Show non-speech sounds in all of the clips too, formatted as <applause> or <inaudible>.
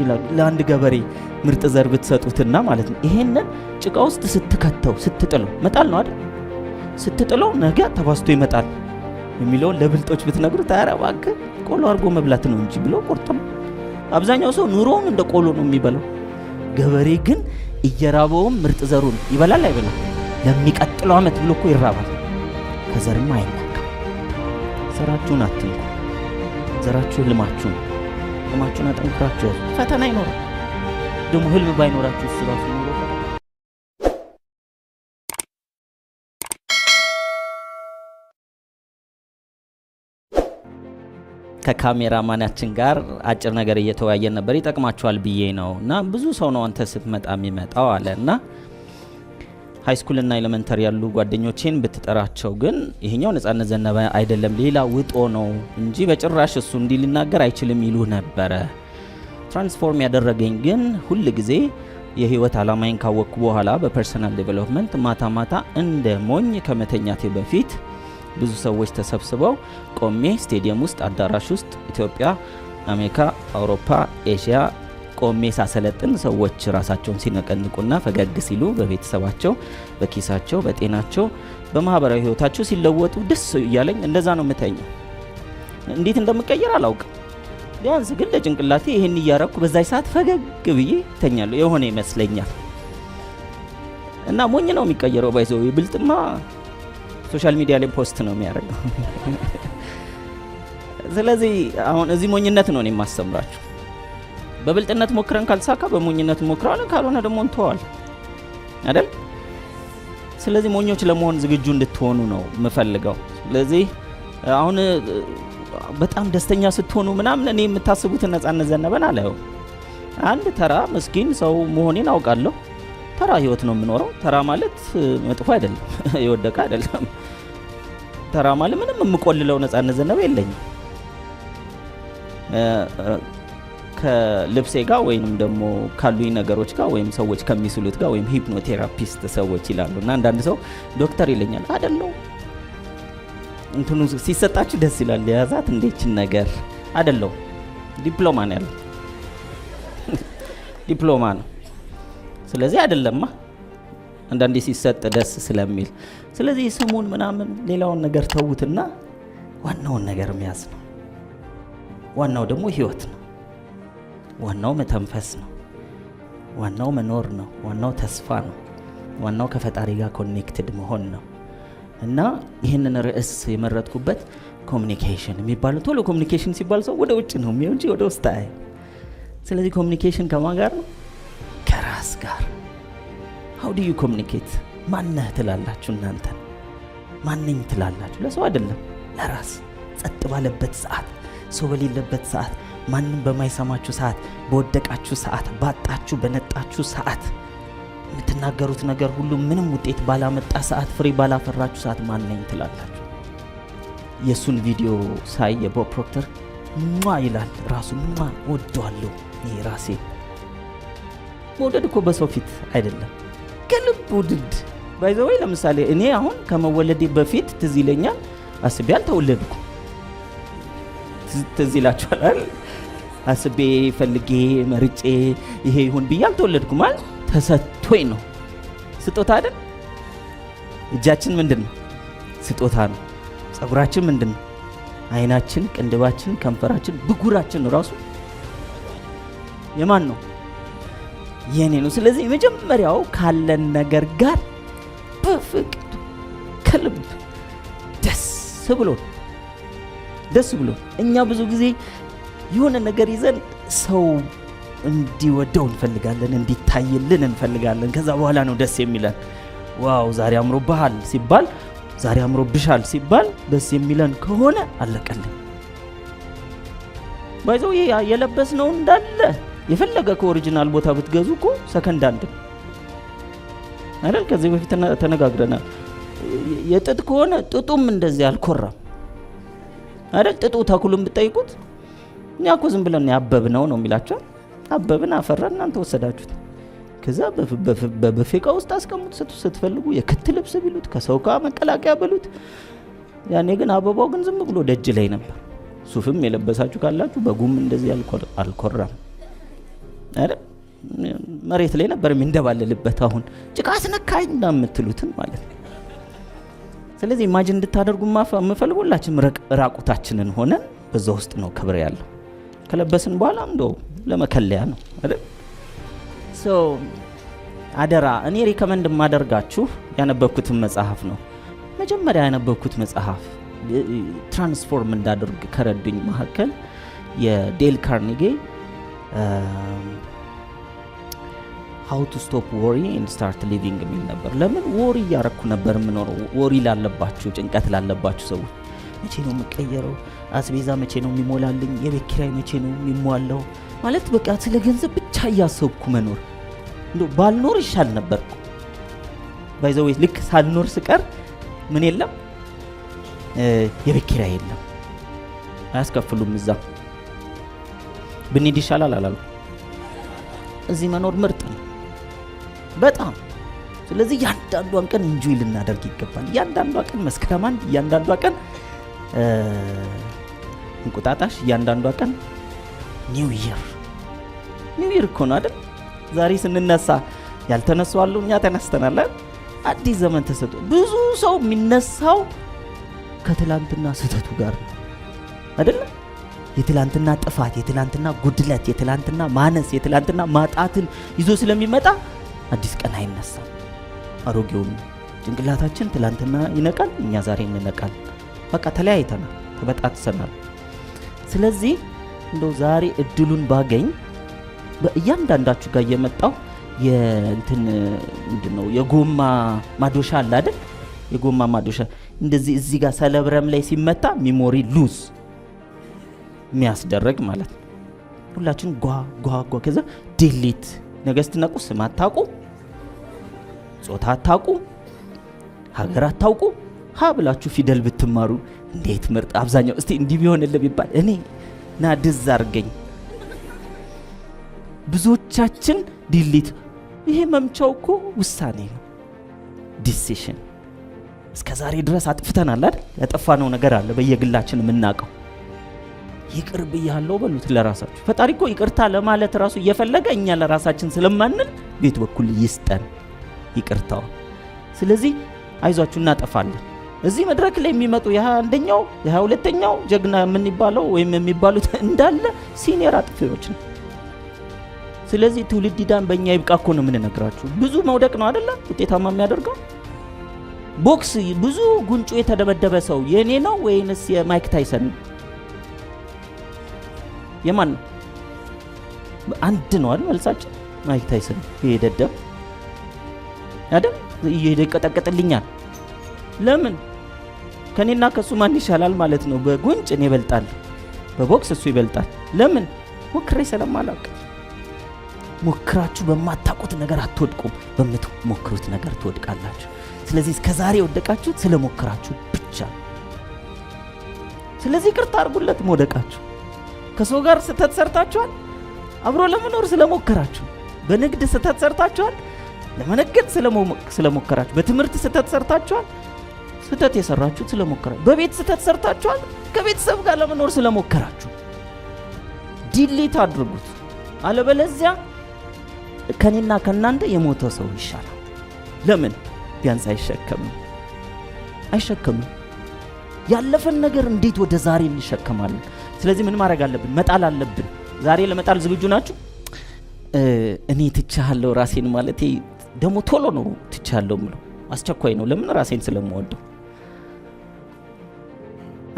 ይላሉ። ለአንድ ገበሬ ምርጥ ዘር ብትሰጡትና ማለት ነው ይሄንን ጭቃ ውስጥ ስትከተው ስትጥለው መጣል ነው አይደል? ስትጥለው ነገ ተባስቶ ይመጣል የሚለውን ለብልጦች ብትነግሩት ኧረ እባክህ ቆሎ አድርጎ መብላት ነው እንጂ ብሎ ቁርጥም። አብዛኛው ሰው ኑሮውን እንደ ቆሎ ነው የሚበላው። ገበሬ ግን እየራበውም ምርጥ ዘሩን ይበላል አይበላል? ለሚቀጥለው ዓመት ብሎ እኮ ይራባል። ከዘርም አይናካም። ዘራችሁን አትንኩ። ዘራችሁ ህልማችሁ ነው። አቅማችሁን አጠንክራችሁ ፈተና ይኖራል። ደግሞ ህልም ባይኖራችሁ እሱ ራሱ ከካሜራ ማናችን ጋር አጭር ነገር እየተወያየን ነበር። ይጠቅማችኋል ብዬ ነው እና ብዙ ሰው ነው አንተ ስትመጣ የሚመጣው አለ እና ሃይስኩልና ኤሌመንተሪ ያሉ ጓደኞቼን ብትጠራቸው ግን ይሄኛው ነጻነት ዘነበ አይደለም ሌላ ውጦ ነው እንጂ በጭራሽ እሱ እንዲህ ሊናገር አይችልም ይሉ ነበረ። ትራንስፎርም ያደረገኝ ግን ሁል ጊዜ የህይወት አላማይን ካወቅኩ በኋላ በፐርሰናል ዴቨሎፕመንት ማታ ማታ እንደ ሞኝ ከመተኛቴ በፊት ብዙ ሰዎች ተሰብስበው ቆሜ ስቴዲየም ውስጥ አዳራሽ ውስጥ ኢትዮጵያ፣ አሜሪካ፣ አውሮፓ፣ ኤሽያ፣ ቆሜ ሳሰለጥን ሰዎች ራሳቸውን ሲነቀንቁና ፈገግ ሲሉ በቤተሰባቸው፣ በኪሳቸው፣ በጤናቸው፣ በማህበራዊ ህይወታቸው ሲለወጡ ደስ እያለኝ እንደዛ ነው የምተኛው። እንዴት እንደምቀየር አላውቅም። ቢያንስ ግን ለጭንቅላቴ ይህን እያረኩ በዛች ሰዓት ፈገግ ብዬ ተኛለሁ የሆነ ይመስለኛል። እና ሞኝ ነው የሚቀየረው። ባይዘ ብልጥማ ሶሻል ሚዲያ ላይ ፖስት ነው የሚያደርገው። <laughs> ስለዚህ አሁን እዚህ ሞኝነት ነው እኔ የማስተምራችሁ። በብልጥነት ሞክረን ካልተሳካ በሞኝነት ሞክረዋል፣ ካልሆነ ደግሞ እንተዋል አይደል? ስለዚህ ሞኞች ለመሆን ዝግጁ እንድትሆኑ ነው የምፈልገው። ስለዚህ አሁን በጣም ደስተኛ ስትሆኑ ምናምን እኔ የምታስቡትን ነጻነት ዘነበን አለው። አንድ ተራ ምስኪን ሰው መሆኔን አውቃለሁ። ተራ ህይወት ነው የምኖረው። ተራ ማለት መጥፎ አይደለም፣ <laughs> የወደቀ አይደለም። ተራ ማለት ምንም የምቆልለው ነጻነት ዘነበ የለኝም። ከልብሴ ጋር ወይም ደግሞ ካሉኝ ነገሮች ጋር ወይም ሰዎች ከሚስሉት ጋር ወይም ሂፕኖቴራፒስት ሰዎች ይላሉ እና አንዳንድ ሰው ዶክተር ይለኛል አደለው እንትኑ ሲሰጣችሁ ደስ ይላል። የያዛት እንዴችን ነገር አደለው ዲፕሎማ ነው ያለው <laughs> ዲፕሎማ ነው። ስለዚህ አደለማ አንዳንዴ ሲሰጥ ደስ ስለሚል ስለዚህ ስሙን ምናምን ሌላውን ነገር ተዉትና ዋናውን ነገር መያዝ ነው። ዋናው ደግሞ ህይወት ነው። ዋናው መተንፈስ ነው። ዋናው መኖር ነው። ዋናው ተስፋ ነው። ዋናው ከፈጣሪ ጋር ኮኔክትድ መሆን ነው እና ይህንን ርዕስ የመረጥኩበት ኮሚኒኬሽን የሚባለው ቶሎ ኮሚኒኬሽን ሲባል ሰው ወደ ውጭ ነው የሚሆን እንጂ ወደ ውስጥ አይ። ስለዚህ ኮሚኒኬሽን ከማን ጋር ነው? ከራስ ጋር። ሀው ዲዩ ኮሚኒኬት ማነህ ትላላችሁ እናንተ ማነኝ ትላላችሁ? ለሰው አይደለም፣ ለራስ ጸጥ ባለበት ሰዓት ሰው በሌለበት ሰዓት፣ ማንም በማይሰማችሁ ሰዓት፣ በወደቃችሁ ሰዓት፣ ባጣችሁ በነጣችሁ ሰዓት፣ የምትናገሩት ነገር ሁሉ ምንም ውጤት ባላመጣ ሰዓት፣ ፍሬ ባላፈራችሁ ሰዓት ማን ነኝ ትላላችሁ? የእሱን ቪዲዮ ሳይ የቦብ ፕሮክተር ሟ ይላል ራሱ ሟ ወደዋለሁ። ይህ ራሴ መውደድ እኮ በሰው ፊት አይደለም ከልብ ውድድ ባይዘወይ። ለምሳሌ እኔ አሁን ከመወለዴ በፊት ትዝ ይለኛል አስቤ አልተወለድኩ ትዝ ይላችኋል። አስቤ ፈልጌ መርጬ ይሄ ይሁን ብዬ አልተወለድኩም። ማለት ተሰጥቶኝ ነው። ስጦታ አይደል? እጃችን ምንድን ነው? ስጦታ ነው። ጸጉራችን ምንድን ነው? አይናችን፣ ቅንድባችን፣ ከንፈራችን፣ ብጉራችን ራሱ የማን ነው? የኔ ነው። ስለዚህ የመጀመሪያው ካለን ነገር ጋር በፍቅድ ከልብ ደስ ብሎን ደስ ብሎ እኛ ብዙ ጊዜ የሆነ ነገር ይዘን ሰው እንዲወደው እንፈልጋለን፣ እንዲታይልን እንፈልጋለን። ከዛ በኋላ ነው ደስ የሚለን። ዋው ዛሬ አምሮብሃል ሲባል፣ ዛሬ አምሮብሻል ሲባል ደስ የሚለን ከሆነ አለቀልን። ባይዘው ነው እንዳለ የፈለገ ከኦሪጂናል ቦታ ብትገዙ እኮ ሰከንድ አንድ አይደል? ከዚህ በፊት ተነጋግረናል። የጥጥ ከሆነ ጥጡም እንደዚህ አልኮራም። አይደል? ጥጡ ተክሉን ብትጠይቁት እኛ እኮ ዝም ብለን ያበብ ነው ነው የሚላቸው። አበብን አፈራ፣ እናንተ ወሰዳችሁት። ከዛ በበፌቃ ውስጥ አስቀምጡ፣ ስትፈልጉ የክት ልብስ ቢሉት፣ ከሰው ጋር መቀላቀያ ብሉት። ያኔ ግን አበባው ግን ዝም ብሎ ደጅ ላይ ነበር። ሱፍም የለበሳችሁ ካላችሁ በጉም እንደዚህ አልኮራም አይደል? መሬት ላይ ነበር የሚንደባለልበት። አሁን ጭቃ አስነካኝ እንዳምትሉትም ማለት ነው። ስለዚህ ኢማጅን እንድታደርጉ የምፈልግ ራቁታችንን ሆነን በዛ ውስጥ ነው ክብር ያለው። ከለበስን በኋላ እንዶ ለመከለያ ነው አይደል? ሶ አደራ እኔ ሪከመንድ የማደርጋችሁ ያነበብኩትን መጽሐፍ ነው። መጀመሪያ ያነበብኩት መጽሐፍ ትራንስፎርም እንዳደርግ ከረዱኝ መካከል የዴል ካርኒጌ ሀው ቱ ስቶፕ ወሪ ኤንድ ስታርት ሊቪንግ የሚል ነበር። ለምን ወሪ እያረኩ ነበር የምኖረው? ወሪ ላለባችሁ፣ ጭንቀት ላለባችሁ ሰዎች መቼ ነው የምቀየረው? አስቤዛ መቼ ነው የሚሞላልኝ? የቤት ኪራይ መቼ ነው የሚሟላው? ማለት በቃ ስለ ገንዘብ ብቻ እያሰብኩ መኖር እንደ ባልኖር ይሻል ነበር። ባይዘዌ ልክ ሳልኖር ስቀር ምን የለም የቤት ኪራይ የለም፣ አያስከፍሉም። እዛ ብንሄድ ይሻላል አላሉ። እዚህ መኖር ምርጥ ነው። በጣም ስለዚህ እያንዳንዷን ቀን እንጆይ ልናደርግ ይገባል። እያንዳንዷ ቀን መስከረማን፣ አንድ፣ እያንዳንዷ ቀን እንቁጣጣሽ፣ እያንዳንዷ ቀን ኒው ይር። ኒው ይር እኮ ነው አይደል? ዛሬ ስንነሳ ያልተነሱ አሉ፣ እኛ ተነስተናል። አዲስ ዘመን ተሰጡ። ብዙ ሰው የሚነሳው ከትላንትና ስህተቱ ጋር ነው አይደለም? የትላንትና ጥፋት፣ የትላንትና ጉድለት፣ የትላንትና ማነስ፣ የትላንትና ማጣትን ይዞ ስለሚመጣ አዲስ ቀን አይነሳም። አሮጌውን ጭንቅላታችን ትላንትና ይነቃል፣ እኛ ዛሬ እንነቃል። በቃ ተለያይተናል፣ ተበጣጥሰናል። ስለዚህ እንደው ዛሬ እድሉን ባገኝ በእያንዳንዳችሁ ጋር እየመጣው የእንትን ምንድን ነው የጎማ ማዶሻ አለ አይደል? የጎማ ማዶሻ እንደዚህ እዚህ ጋር ሰለብረም ላይ ሲመታ ሚሞሪ ሉዝ የሚያስደረግ ማለት ነው። ሁላችን ጓ ጓ ጓ ከዛ ዲሊት ነገ ስትነቁ ስም ጾታ አታውቁ፣ ሀገር አታውቁ። ሀ ብላችሁ ፊደል ብትማሩ እንዴት ምርጥ! አብዛኛው እስቲ እንዲህ ቢሆንልህ ቢባል እኔ ና ድዝ አርገኝ። ብዙዎቻችን ዲሊት ይሄ መምቻው እኮ ውሳኔ ነው፣ ዲሲሽን። እስከ ዛሬ ድረስ አጥፍተናል አይደል? ያጠፋነው ነገር አለ በየግላችን የምናውቀው። ይቅር ብያለሁ በሉት ለራሳችሁ። ፈጣሪ እኮ ይቅርታ ለማለት ራሱ እየፈለገ እኛ ለራሳችን ስለማንል ቤት በኩል ይስጠን። ይቅርታው። ስለዚህ አይዟችሁ እናጠፋለን። እዚህ መድረክ ላይ የሚመጡ የሀያ አንደኛው የሀያ ሁለተኛው ጀግና የምንባለው ወይም የሚባሉት <laughs> እንዳለ ሲኒየር አጥፊዎች ነው። ስለዚህ ትውልድ ዳን በእኛ ይብቃ ኮ ነው የምንነግራችሁ። ብዙ መውደቅ ነው አይደለም ውጤታማ የሚያደርገው ቦክስ። ብዙ ጉንጩ የተደበደበ ሰው የእኔ ነው ወይንስ የማይክ ታይሰን ነው? የማን ነው? አንድ ነው አይደል መልሳችን? ማይክ ታይሰን ይሄ ደደብ አይደል? እየሄደ ይቀጠቅጥልኛል። ለምን ከኔና ከሱ ማን ይሻላል ማለት ነው? በጉንጭ እኔ ይበልጣል፣ በቦክስ እሱ ይበልጣል። ለምን ሞክሬ ስለማላውቅ። ሞክራችሁ በማታውቁት ነገር አትወድቁም፣ በምትሞክሩት ነገር ትወድቃላችሁ። ስለዚህ እስከ ዛሬ የወደቃችሁት ስለሞክራችሁ ብቻ። ስለዚህ ይቅርታ አድርጉለት መውደቃችሁ። ከሰው ጋር ስህተት ሰርታችኋል፣ አብሮ ለመኖር ስለሞከራችሁ። በንግድ ስህተት ሰርታችኋል ለመነገድ ስለሞከራችሁ፣ በትምህርት ስህተት ሰርታችኋል። ስህተት የሰራችሁት ስለሞከራችሁ፣ በቤት ስህተት ሰርታችኋል። ከቤተሰብ ጋር ለመኖር ስለሞከራችሁ ዲሊት አድርጉት። አለበለዚያ ከኔና ከእናንተ የሞተ ሰው ይሻላል። ለምን? ቢያንስ አይሸከም አይሸከምም። ያለፈን ነገር እንዴት ወደ ዛሬ እንሸከማለን? ስለዚህ ምን ማድረግ አለብን? መጣል አለብን። ዛሬ ለመጣል ዝግጁ ናችሁ? እኔ ትቻለሁ ራሴን ማለት ደግሞ ቶሎ ነው ትቻለው ምለው አስቸኳይ ነው። ለምን ራሴን ስለምወደው።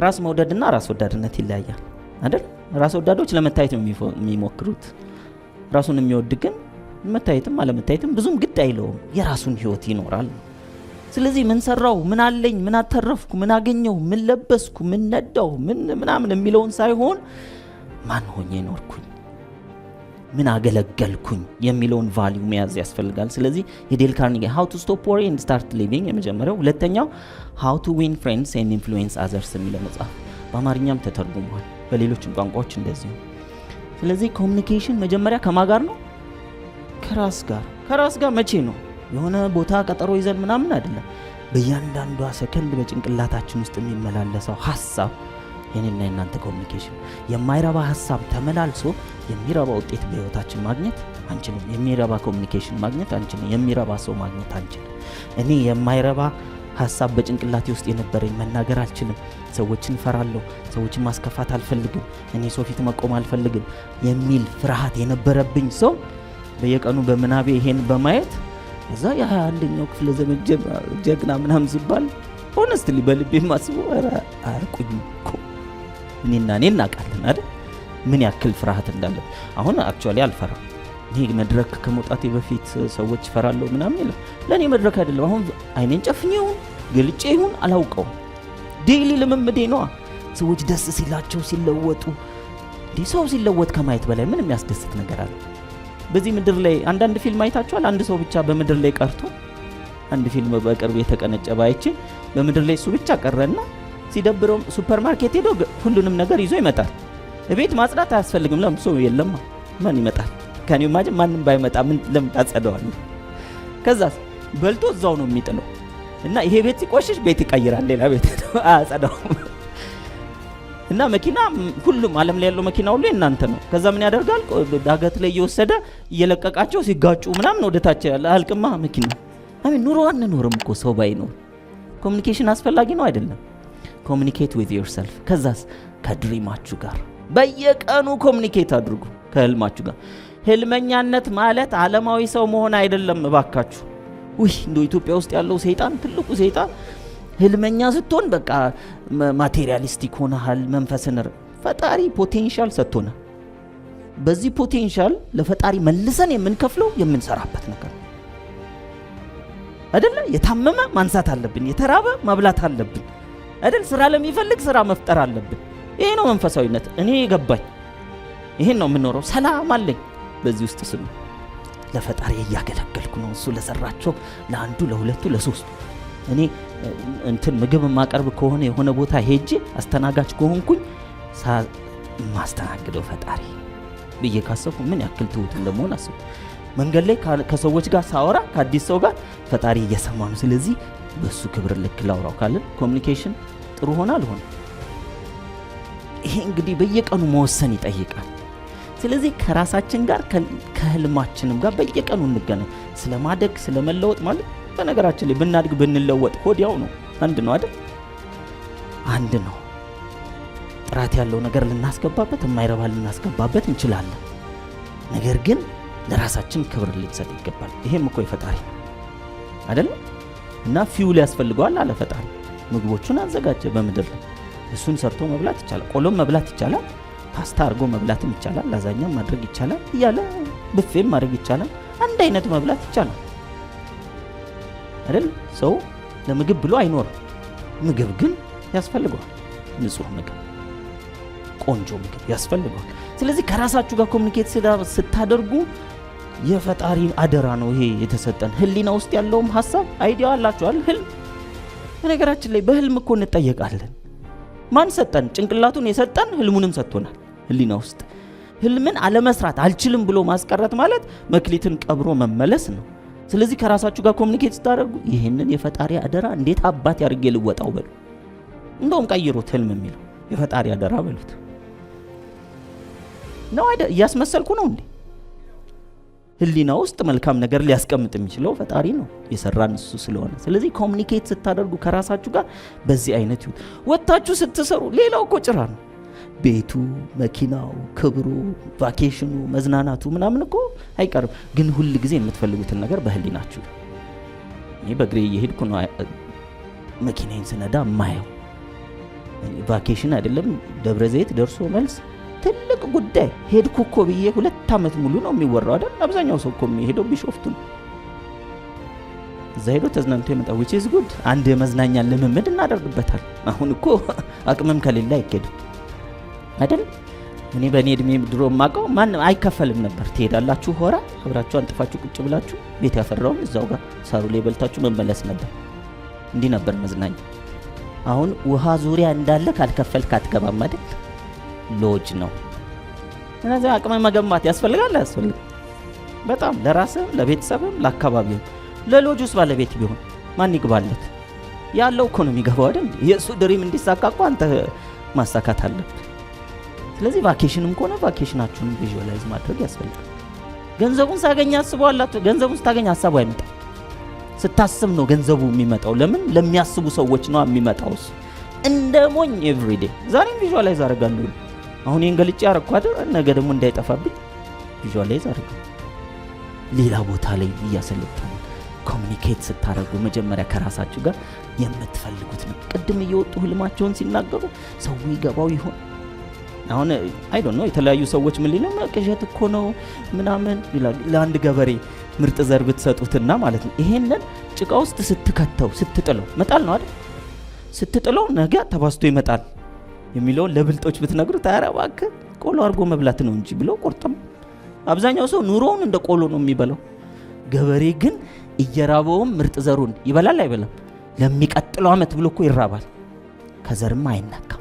ራስ መውደድና ራስ ወዳድነት ይለያያል አይደል? ራስ ወዳዶች ለመታየት ነው የሚሞክሩት። ራሱን የሚወድ ግን መታየትም አለመታየትም ብዙም ግድ አይለውም። የራሱን ህይወት ይኖራል። ስለዚህ ምን ሰራው ምን አለኝ፣ ምን አተረፍኩ፣ ምን አገኘው ምን ለበስኩ፣ ምን ነዳው ምን ምናምን የሚለውን ሳይሆን ማን ሆኜ ኖርኩኝ ምን አገለገልኩኝ የሚለውን ቫሊዩ መያዝ ያስፈልጋል። ስለዚህ የዴል ካርኒጌ ሀው ቱ ስቶፕ ወሪ ኤንድ ስታርት ሊቪንግ የመጀመሪያው፣ ሁለተኛው ሀው ቱ ዊን ፍሬንድስ ኤንድ ኢንፍሉዌንስ አዘርስ የሚለው መጽሐፍ በአማርኛም ተተርጉሟል፣ በሌሎችም ቋንቋዎች እንደዚሁ። ስለዚህ ኮሚኒኬሽን መጀመሪያ ከማ ጋር ነው? ከራስ ጋር። ከራስ ጋር መቼ ነው? የሆነ ቦታ ቀጠሮ ይዘን ምናምን አይደለም። በእያንዳንዷ ሰከንድ በጭንቅላታችን ውስጥ የሚመላለሰው ሀሳብ የኔና የእናንተ ኮሚኒኬሽን የማይረባ ሀሳብ ተመላልሶ የሚረባ ውጤት በህይወታችን ማግኘት አንችልም። የሚረባ ኮሚኒኬሽን ማግኘት አንችልም። የሚረባ ሰው ማግኘት አንችልም። እኔ የማይረባ ሀሳብ በጭንቅላቴ ውስጥ የነበረኝ መናገር አልችልም፣ ሰዎችን እፈራለሁ፣ ሰዎችን ማስከፋት አልፈልግም፣ እኔ ሰው ፊት መቆም አልፈልግም የሚል ፍርሃት የነበረብኝ ሰው በየቀኑ በምናቤ ይሄን በማየት እዛ የሃያ አንደኛው ክፍለ ዘመን ጀግና ምናምን ሲባል ሆነስትሊ በልቤ ማስበው አያውቁኝም እኮ እኔና እኔ እናውቃለን አይደል ምን ያክል ፍርሃት እንዳለ አሁን አክቹዋሊ አልፈራ ይሄ መድረክ ከመውጣቴ በፊት ሰዎች እፈራለሁ ምናምን ይላል። ለእኔ መድረክ አይደለም። አሁን አይኔን ጨፍኜ ይሁን ገልጬ ይሁን አላውቀውም። ዴይሊ ልምምዴ ነዋ። ሰዎች ደስ ሲላቸው ሲለወጡ፣ እንዲህ ሰው ሲለወጥ ከማየት በላይ ምን የሚያስደስት ነገር አለ? በዚህ ምድር ላይ አንዳንድ ፊልም አይታችኋል። አንድ ሰው ብቻ በምድር ላይ ቀርቶ አንድ ፊልም በቅርብ የተቀነጨ አይቼ በምድር ላይ እሱ ብቻ ቀረና ሲደብረውም ሱፐርማርኬት ሄዶ ሁሉንም ነገር ይዞ ይመጣል። ቤት ማጽዳት አያስፈልግም። ለም ሰው የለም፣ ማን ይመጣል? ከኔ ማጅ ማንም ባይመጣ ምን ለምን ታጸደዋል? ከዛ በልቶ እዛው ነው የሚጥለው እና ይሄ ቤት ሲቆሽሽ ቤት ይቀይራል፣ ሌላ ቤት <laughs> አያጸዳውም። እና መኪና ሁሉም ዓለም ላይ ያለው መኪና ሁሉ የእናንተ ነው። ከዛ ምን ያደርጋል? ዳገት ላይ እየወሰደ እየለቀቃቸው ሲጋጩ ምናምን ወደታች ያለ አልቅማ መኪና አይ ኑሮ አንኖርም እኮ ሰው ባይኖር ኮሚኒኬሽን አስፈላጊ ነው አይደለም? ኮሚኒኬት ዊዝ ዮርሰልፍ። ከዛስ ከድሪማችሁ ጋር በየቀኑ ኮሚኒኬት አድርጉ ከህልማችሁ ጋር። ህልመኛነት ማለት ዓለማዊ ሰው መሆን አይደለም። እባካችሁ ውይ እንዶ ኢትዮጵያ ውስጥ ያለው ሰይጣን ትልቁ ሰይጣን ህልመኛ ስትሆን በቃ ማቴሪያሊስቲክ ሆነሃል። መንፈስን ፈጣሪ ፖቴንሻል ሰጥቶነ በዚህ ፖቴንሻል ለፈጣሪ መልሰን የምንከፍለው የምንሰራበት ነገር አይደለ? የታመመ ማንሳት አለብን፣ የተራበ ማብላት አለብን። አይደል? ስራ ለሚፈልግ ስራ መፍጠር አለብን። ይሄ ነው መንፈሳዊነት። እኔ የገባኝ ይሄን ነው የምኖረው። ሰላም አለኝ በዚህ ውስጥ ስም ለፈጣሪ እያገለገልኩ ነው። እሱ ለሰራቸው ለአንዱ፣ ለሁለቱ፣ ለሶስቱ እኔ እንትን ምግብ የማቀርብ ከሆነ የሆነ ቦታ ሄጄ አስተናጋጅ ከሆንኩኝ ማስተናግደው ፈጣሪ ብዬ ካሰብኩ ምን ያክል ትሁት እንደመሆን አስቡ። መንገድ ላይ ከሰዎች ጋር ሳወራ ከአዲስ ሰው ጋር ፈጣሪ እየሰማ ነው። ስለዚህ በእሱ ክብር ልክ ላውራው ካለን ኮሚኒኬሽን ጥሩ ሆነ አልሆነ፣ ይሄ እንግዲህ በየቀኑ መወሰን ይጠይቃል። ስለዚህ ከራሳችን ጋር ከህልማችንም ጋር በየቀኑ እንገናኝ። ስለ ማደግ ስለ መለወጥ ማለት በነገራችን ላይ ብናድግ ብንለወጥ ወዲያው ነው። አንድ ነው አይደል? አንድ ነው። ጥራት ያለው ነገር ልናስገባበት፣ የማይረባ ልናስገባበት እንችላለን። ነገር ግን ለራሳችን ክብር ልንሰጥ ይገባል። ይሄም እኮ የፈጣሪ አይደለም እና ፊውል ያስፈልገዋል አለ ፈጣሪ። ምግቦቹን አዘጋጀ በምድር ላይ። እሱን ሰርቶ መብላት ይቻላል፣ ቆሎም መብላት ይቻላል፣ ፓስታ አድርጎ መብላትም ይቻላል፣ ላዛኛም ማድረግ ይቻላል እያለ ብፌም ማድረግ ይቻላል። አንድ አይነት መብላት ይቻላል አይደል? ሰው ለምግብ ብሎ አይኖርም። ምግብ ግን ያስፈልገዋል። ንጹህ ምግብ፣ ቆንጆ ምግብ ያስፈልገዋል። ስለዚህ ከራሳችሁ ጋር ኮሚኒኬት ስታደርጉ የፈጣሪ አደራ ነው ይሄ የተሰጠን። ህሊና ውስጥ ያለውም ሀሳብ አይዲያ አላችኋል ህልም በነገራችን ላይ በህልም እኮ እንጠየቃለን። ማን ሰጠን? ጭንቅላቱን የሰጠን ህልሙንም ሰጥቶናል። ህሊና ውስጥ ህልምን አለመስራት አልችልም ብሎ ማስቀረት ማለት መክሊትን ቀብሮ መመለስ ነው። ስለዚህ ከራሳችሁ ጋር ኮሚኒኬት ስታደርጉ ይህንን የፈጣሪ አደራ እንዴት አባት ያድርጌ ልወጣው በሉ። እንደውም ቀይሩት፣ ህልም የሚለው የፈጣሪ አደራ በሉት ነው። እያስመሰልኩ ነው እንዴ? ህሊና ውስጥ መልካም ነገር ሊያስቀምጥ የሚችለው ፈጣሪ ነው፣ የሰራን እሱ ስለሆነ። ስለዚህ ኮሚኒኬት ስታደርጉ ከራሳችሁ ጋር በዚህ አይነት ይሁን። ወጥታችሁ ስትሰሩ ሌላው እኮ ጭራ ነው። ቤቱ፣ መኪናው፣ ክብሩ፣ ቫኬሽኑ፣ መዝናናቱ ምናምን እኮ አይቀርም። ግን ሁል ጊዜ የምትፈልጉትን ነገር በህሊናችሁ። እኔ በእግሬ እየሄድኩ ነው መኪናዬን ስነዳ ማየው። ቫኬሽን አይደለም ደብረ ዘይት ደርሶ መልስ ትልቅ ጉዳይ ሄድኩ እኮ ብዬ ሁለት ዓመት ሙሉ ነው የሚወራው አይደል? አብዛኛው ሰው እኮ የሚሄደው ቢሾፍቱ ነው። እዛ ሄዶ ተዝናንቶ የመጣ ዊች ኢዝ ጉድ። አንድ የመዝናኛ ልምምድ እናደርግበታል። አሁን እኮ አቅምም ከሌለ አይኬድም አይደል? እኔ በእኔ እድሜ ድሮ የማውቀው ማን አይከፈልም ነበር። ትሄዳላችሁ ሆራ አብራችሁ አንጥፋችሁ ቁጭ ብላችሁ ቤት ያፈራውን እዛው ጋር ሳሩ ላይ በልታችሁ መመለስ ነበር። እንዲህ ነበር መዝናኛ። አሁን ውሃ ዙሪያ እንዳለ ካልከፈልክ አትገባም አይደል? ሎጅ ነው። ስለዚህ አቅመ መገንባት ያስፈልጋል ያስፈልግ በጣም ለራስም ለቤተሰብም ለአካባቢም። ለሎጅ ውስጥ ባለቤት ቢሆን ማን ይግባለት? ያለው እኮ ነው የሚገባው አይደል? የእሱ ድሪም እንዲሳካ አንተ ማሳካት አለብህ። ስለዚህ ቫኬሽንም ከሆነ ቫኬሽናችሁን ቪዥዋላይዝ ማድረግ ያስፈልጋል። ገንዘቡን ሳገኝ አስበዋላችሁ። ገንዘቡን ስታገኝ ሀሳቡ አይመጣ ስታስብ ነው ገንዘቡ የሚመጣው። ለምን ለሚያስቡ ሰዎች ነው የሚመጣው። እንደ ሞኝ ኤቭሪዴ ዛሬም ቪዥዋላይዝ አደርጋለሁ አሁን ይህን ገልጬ አረኳት፣ ነገ ደግሞ እንዳይጠፋብኝ ቪዥዋላይዝ አድርገ ሌላ ቦታ ላይ እያሰለጠ ነው። ኮሚኒኬት ስታደርጉ መጀመሪያ ከራሳችሁ ጋር የምትፈልጉት ነው። ቅድም እየወጡ ህልማቸውን ሲናገሩ ሰው ይገባው ይሆን? አሁን አይ ዶንት ኖ የተለያዩ ሰዎች ምን ሊለም ቅዠት እኮ ነው ምናምን ይላሉ። ለአንድ ገበሬ ምርጥ ዘር ብትሰጡትና ማለት ነው ይሄንን ጭቃ ውስጥ ስትከተው ስትጥለው መጣል ነው አይደል? ስትጥለው ነገ ተባስቶ ይመጣል። የሚለውን ለብልጦች ብትነግሩት ኧረ እባክህ ቆሎ አድርጎ መብላት ነው እንጂ ብለው ቁርጥም። አብዛኛው ሰው ኑሮውን እንደ ቆሎ ነው የሚበላው። ገበሬ ግን እየራበውም ምርጥ ዘሩን ይበላል አይበላም፣ ለሚቀጥለው ዓመት ብሎ እኮ ይራባል። ከዘርም አይነካም።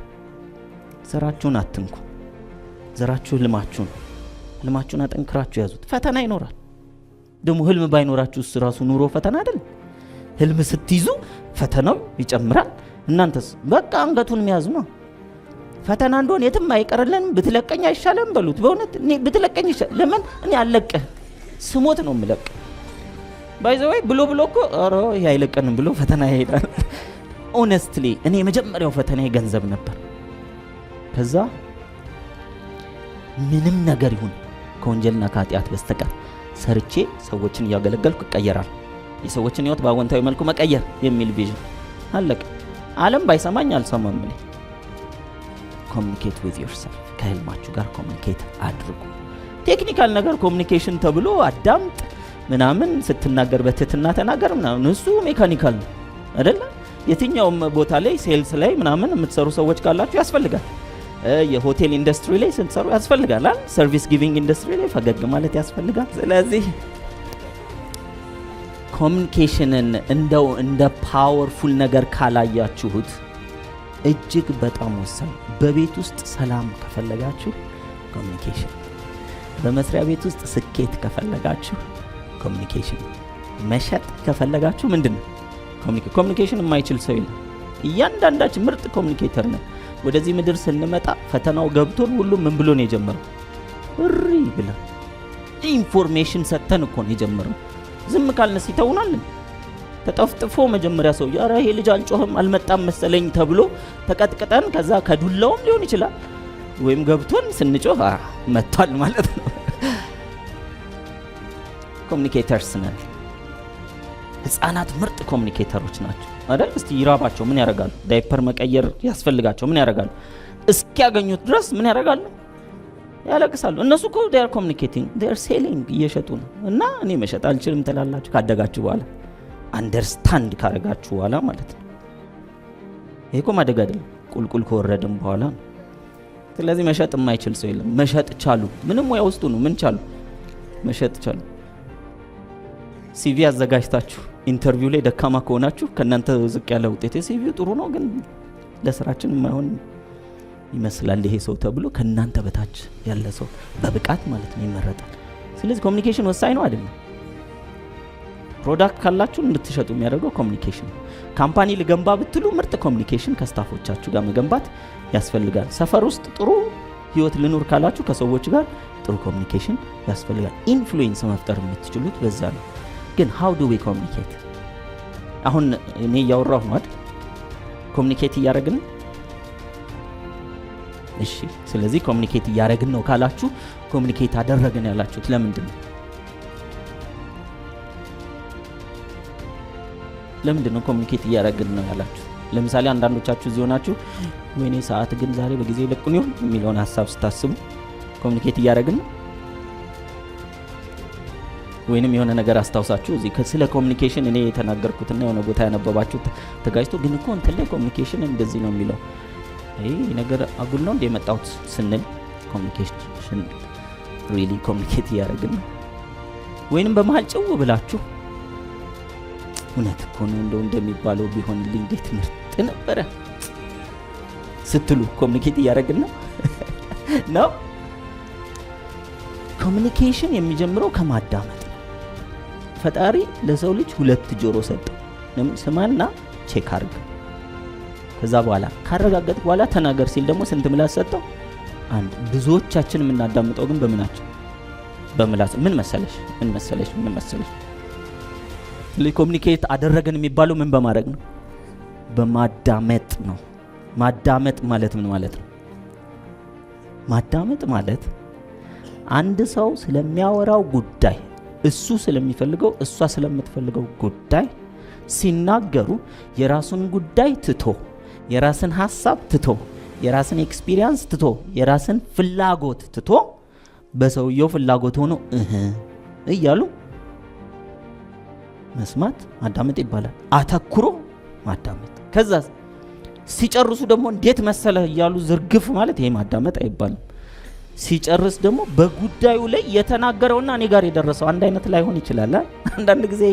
ዘራችሁን አትንኩ። ዘራችሁ ህልማችሁ ነው። ህልማችሁን አጠንክራችሁ ያዙት። ፈተና ይኖራል። ደግሞ ህልም ባይኖራችሁ እሱ ራሱ ኑሮ ፈተና አይደል? ህልም ስትይዙ ፈተናው ይጨምራል። እናንተስ በቃ አንገቱን የሚያዝ ነው። ፈተና እንደሆነ የትም አይቀርልን ብትለቀኝ አይሻለም በሉት። በእውነት እኔ ብትለቀኝ ይሻል። ለምን እኔ አለቀ ስሞት ነው የምለቅ። ባይዘወይ ብሎ ብሎ እኮ ኧረ ይሄ አይለቀንም ብሎ ፈተና ይሄዳል። ኦነስትሊ እኔ የመጀመሪያው ፈተና ገንዘብ ነበር። ከዛ ምንም ነገር ይሁን ከወንጀልና ከኃጢአት በስተቀር ሰርቼ ሰዎችን እያገለገልኩ ይቀየራል። የሰዎችን ህይወት በአወንታዊ መልኩ መቀየር የሚል ቪዥን አለቀ። አለም ባይሰማኝ አልሰማም እኔ ኮሚኒኬት ዊዝ ዮርሰልፍ ከህልማችሁ ጋር ኮሚኒኬት አድርጉ። ቴክኒካል ነገር ኮሚኒኬሽን ተብሎ አዳምጥ ምናምን ስትናገር በትህትና ተናገር ምናምን እሱ ሜካኒካል ነው አይደለ? የትኛውም ቦታ ላይ ሴልስ ላይ ምናምን የምትሰሩ ሰዎች ካላችሁ ያስፈልጋል። የሆቴል ኢንዱስትሪ ላይ ስትሰሩ ያስፈልጋል። ሰርቪስ ጊቪንግ ኢንዱስትሪ ላይ ፈገግ ማለት ያስፈልጋል። ስለዚህ ኮሚኒኬሽንን እንደው እንደ ፓወርፉል ነገር ካላያችሁት እጅግ በጣም ወሳኝ። በቤት ውስጥ ሰላም ከፈለጋችሁ ኮሚኒኬሽን፣ በመስሪያ ቤት ውስጥ ስኬት ከፈለጋችሁ ኮሚኒኬሽን፣ መሸጥ ከፈለጋችሁ ምንድን ነው ኮሚኒኬሽን? የማይችል ሰው የለም። እያንዳንዳችን ምርጥ ኮሚኒኬተር ነው ወደዚህ ምድር ስንመጣ ፈተናው ገብቶን ሁሉም ምን ብሎ ነው የጀመረው? እሪ ብለ ኢንፎርሜሽን ሰጥተን እኮ ነው የጀመረው። ዝም ካልነስ ይተውናልን ተጠፍጥፎ መጀመሪያ ሰው ኧረ ይሄ ልጅ አልጮህም አልመጣም መሰለኝ ተብሎ ተቀጥቅጠን ከዛ ከዱላውም ሊሆን ይችላል ወይም ገብቶን ስንጮህ መጥቷል ማለት ነው። ኮሚኒኬተርስ ነን። ህፃናት ምርጥ ኮሚኒኬተሮች ናቸው አይደል? እስቲ ይራባቸው ምን ያደርጋሉ? ዳይፐር መቀየር ያስፈልጋቸው ምን ያደርጋሉ? እስኪያገኙት ድረስ ምን ያደርጋሉ? ያለቅሳሉ። እነሱ እኮ ዴር ኮሚኒኬቲንግ ዴር ሴሊንግ እየሸጡ ነው። እና እኔ መሸጥ አልችልም ትላላችሁ ካደጋችሁ በኋላ አንደርስታንድ ካረጋችሁ በኋላ ማለት ነው። ይሄ እኮ ማደግ አይደለም፣ ቁልቁል ከወረድም በኋላ ነው። ስለዚህ መሸጥ የማይችል ሰው የለም። መሸጥ ቻሉ። ምንም ሙያ ውስጡ ነው። ምን ቻሉ? መሸጥ ቻሉ። ሲቪ አዘጋጅታችሁ ኢንተርቪው ላይ ደካማ ከሆናችሁ ከእናንተ ዝቅ ያለ ውጤት ሲቪ ጥሩ ነው ግን ለስራችን የማይሆን ይመስላል ይሄ ሰው ተብሎ ከእናንተ በታች ያለ ሰው በብቃት ማለት ነው ይመረጣል። ስለዚህ ኮሚኒኬሽን ወሳኝ ነው አይደለም። ፕሮዳክት ካላችሁ እንድትሸጡ የሚያደርገው ኮሚኒኬሽን ነው። ካምፓኒ ልገንባ ብትሉ ምርጥ ኮሚኒኬሽን ከስታፎቻችሁ ጋር መገንባት ያስፈልጋል። ሰፈር ውስጥ ጥሩ ህይወት ልኑር ካላችሁ ከሰዎች ጋር ጥሩ ኮሚኒኬሽን ያስፈልጋል። ኢንፍሉዌንስ መፍጠር የምትችሉት በዛ ነው። ግን ሀው ዱ ኮሚኒኬት? አሁን እኔ እያወራሁ ነው ኮሚኒኬት እያደረግን እሺ። ስለዚህ ኮሚኒኬት እያደረግን ነው ካላችሁ ኮሚኒኬት አደረግን ያላችሁት ለምንድን ነው? ለምንድን ነው ኮሚኒኬት እያደረግን ነው ያላችሁ? ለምሳሌ አንዳንዶቻችሁ እዚህ ሆናችሁ ወይኔ ሰዓት ግን ዛሬ በጊዜ ይለቁን ይሆን የሚለውን ሀሳብ ስታስቡ ኮሚኒኬት እያደረግን ነው ወይንም የሆነ ነገር አስታውሳችሁ እዚህ ስለ ኮሚኒኬሽን እኔ የተናገርኩትና የሆነ ቦታ ያነበባችሁ ተጋጅቶ ግን እኮ እንትን ላይ ኮሚኒኬሽን እንደዚህ ነው የሚለው ይህ ነገር አጉል ነው እንደ የመጣሁት ስንል ኮሚኒኬሽን ሪሊ ኮሚኒኬት እያደረግን ነው። ወይንም በመሀል ጭው ብላችሁ እውነት እኮ ነው እንደው እንደሚባለው ቢሆንልኝ እንዴት ምርጥ ነበረ ስትሉ ኮሚኒኬት እያደረግን ነው <laughs> ነው። ኮሚኒኬሽን የሚጀምረው ከማዳመጥ ነው። ፈጣሪ ለሰው ልጅ ሁለት ጆሮ ሰጠው። ለምን? ስማና ቼክ አርግ። ከዛ በኋላ ካረጋገጥ በኋላ ተናገር ሲል ደግሞ ስንት ምላስ ሰጠው? አንድ። ብዙዎቻችን የምናዳምጠው ግን በምናቸው በምላስ ምን መሰለሽ ምን መሰለሽ ምን መሰለሽ ሊኮሚኒኬት አደረገን የሚባለው ምን በማድረግ ነው? በማዳመጥ ነው። ማዳመጥ ማለት ምን ማለት ነው? ማዳመጥ ማለት አንድ ሰው ስለሚያወራው ጉዳይ እሱ ስለሚፈልገው እሷ ስለምትፈልገው ጉዳይ ሲናገሩ የራሱን ጉዳይ ትቶ የራስን ሀሳብ ትቶ የራስን ኤክስፒሪየንስ ትቶ የራስን ፍላጎት ትቶ በሰውየው ፍላጎት ሆኖ እህ እያሉ መስማት ማዳመጥ ይባላል። አተኩሮ ማዳመጥ። ከዛ ሲጨርሱ ደግሞ እንዴት መሰለ እያሉ ዝርግፍ ማለት ይሄ ማዳመጥ አይባልም። ሲጨርስ ደግሞ በጉዳዩ ላይ የተናገረውና እኔ ጋር የደረሰው አንድ አይነት ላይሆን ይችላል። አንዳንድ ጊዜ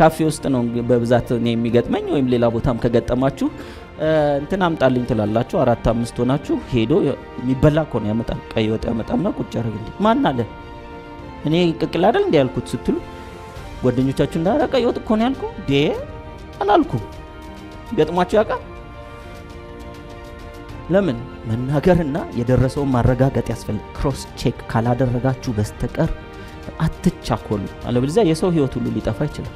ካፌ ውስጥ ነው በብዛት እኔ የሚገጥመኝ፣ ወይም ሌላ ቦታም ከገጠማችሁ እንትን አምጣልኝ ትላላችሁ። አራት አምስት ሆናችሁ ሄዶ የሚበላ ከሆነ ያመጣል፣ ቀይ ወጥ ያመጣና ቁጭ ያደርግልኝ። ማን አለ እኔ ቅቅል አይደል እንዲ ያልኩት ስትሉ ጓደኞቻችሁ እንዳረቀ ይወጥ እኮ ነው ያልኩ ዴ አላልኩ ገጥሟችሁ ያውቃል? ለምን መናገርና የደረሰውን ማረጋገጥ ያስፈልግ። ክሮስ ቼክ ካላደረጋችሁ በስተቀር አትቻኮሉ። አለበለዚያ የሰው ህይወት ሁሉ ሊጠፋ ይችላል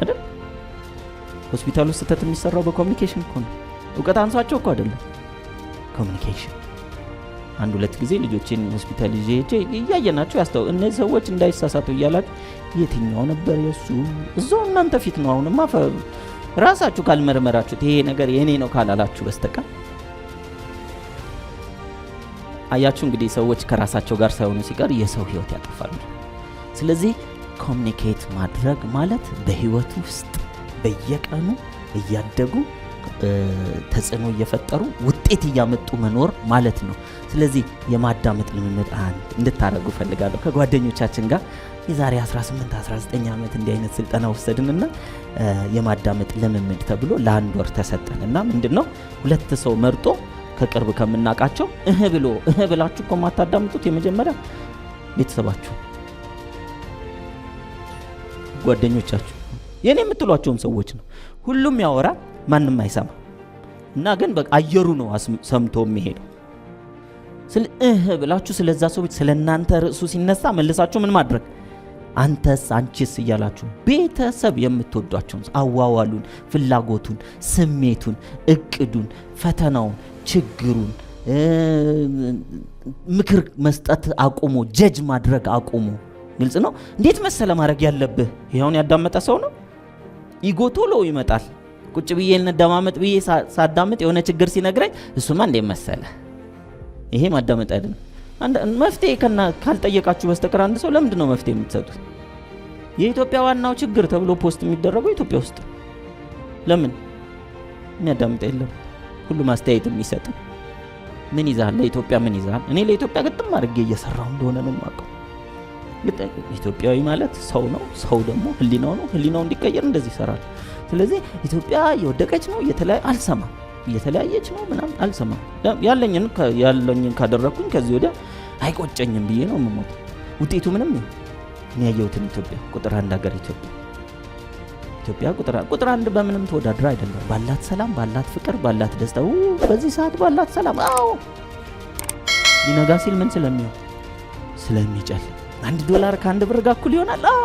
አይደል? ሆስፒታል ውስጥ ስህተት የሚሰራው በኮሚኒኬሽን እኮ ነው። እውቀት አንሷቸው እኮ አይደለም ኮሚኒኬሽን አንድ ሁለት ጊዜ ልጆችን ሆስፒታል ይዤ ሄጄ እያየናቸው ያስተው እነዚህ ሰዎች እንዳይሳሳቱ እያላችሁ የትኛው ነበር የእሱ እዛው እናንተ ፊት ነው። አሁንማ ራሳችሁ ካልመረመራችሁት ይሄ ነገር የእኔ ነው ካላላችሁ በስተቀር አያችሁ እንግዲህ ሰዎች ከራሳቸው ጋር ሳይሆኑ ሲቀር የሰው ህይወት ያጠፋሉ። ስለዚህ ኮሚኒኬት ማድረግ ማለት በህይወት ውስጥ በየቀኑ እያደጉ ተጽዕኖ እየፈጠሩ ውጤት እያመጡ መኖር ማለት ነው። ስለዚህ የማዳመጥ ልምምድ አንድ እንድታደርጉ እፈልጋለሁ። ከጓደኞቻችን ጋር የዛሬ 18 19 ዓመት እንዲህ አይነት ስልጠና ወሰድንና የማዳመጥ ልምምድ ተብሎ ለአንድ ወር ተሰጠን እና ምንድን ነው ሁለት ሰው መርጦ ከቅርብ ከምናውቃቸው እህ ብሎ እህ ብላችሁ እኮ የማታዳምጡት የመጀመሪያ ቤተሰባችሁ፣ ጓደኞቻችሁ፣ የእኔ የምትሏቸውም ሰዎች ነው። ሁሉም ያወራል። ማንም አይሰማ እና ግን በቃ አየሩ ነው ሰምቶ የሚሄደው። ስለ እህ ብላችሁ ስለዛ ሰዎች ስለ እናንተ ርዕሱ ሲነሳ መልሳችሁ ምን ማድረግ አንተስ አንቺስ እያላችሁ ቤተሰብ የምትወዷቸውን አዋዋሉን፣ ፍላጎቱን፣ ስሜቱን፣ እቅዱን፣ ፈተናውን፣ ችግሩን ምክር መስጠት አቁሞ ጀጅ ማድረግ አቁሞ ግልጽ ነው። እንዴት መሰለ ማድረግ ያለብህ ይኸውን ያዳመጠ ሰው ነው። ኢጎ ቶሎ ይመጣል። ቁጭ ብዬ ልንደማመጥ ብዬ ሳዳምጥ የሆነ ችግር ሲነግረኝ እሱማ እንዴ መሰለ ይሄ ማዳመጥ አይደለም። መፍትሄ ካልጠየቃችሁ በስተቀር አንድ ሰው ለምንድን ነው መፍትሄ የምትሰጡት? የኢትዮጵያ ዋናው ችግር ተብሎ ፖስት የሚደረገው ኢትዮጵያ ውስጥ ለምን የሚያዳምጥ የለም? ሁሉም አስተያየት የሚሰጥ ምን ይዛል? ለኢትዮጵያ ምን ይዛል? እኔ ለኢትዮጵያ ግጥም አድርጌ እየሰራው እንደሆነ ነው የማውቀው። ልጠይቁ። ኢትዮጵያዊ ማለት ሰው ነው። ሰው ደግሞ ህሊናው ነው። ህሊናው እንዲቀየር እንደዚህ ይሰራል። ስለዚህ ኢትዮጵያ የወደቀች ነው፣ እየተለያየ አልሰማም፣ እየተለያየች ነው ምናምን አልሰማም። ያለኝን ያለኝን ካደረግኩኝ ከዚህ ወዲያ አይቆጨኝም ብዬ ነው የምሞት። ውጤቱ ምንም ነው። ያየሁትን ኢትዮጵያ ቁጥር አንድ ሀገር ኢትዮጵያ ኢትዮጵያ ቁጥር አንድ በምንም ተወዳድራ አይደለም። ባላት ሰላም፣ ባላት ፍቅር፣ ባላት ደስታ በዚህ ሰዓት ባላት ሰላም። አዎ ሊነጋ ሲል ምን ስለሚሆን ስለሚጨልም አንድ ዶላር ከአንድ ብር ጋር እኩል ይሆናል። አዎ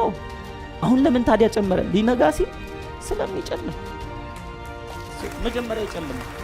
አሁን ለምን ታዲያ ጨመረ? ሊነጋ ሲል ስለሚጨልም መጀመሪያ ይጨልማል።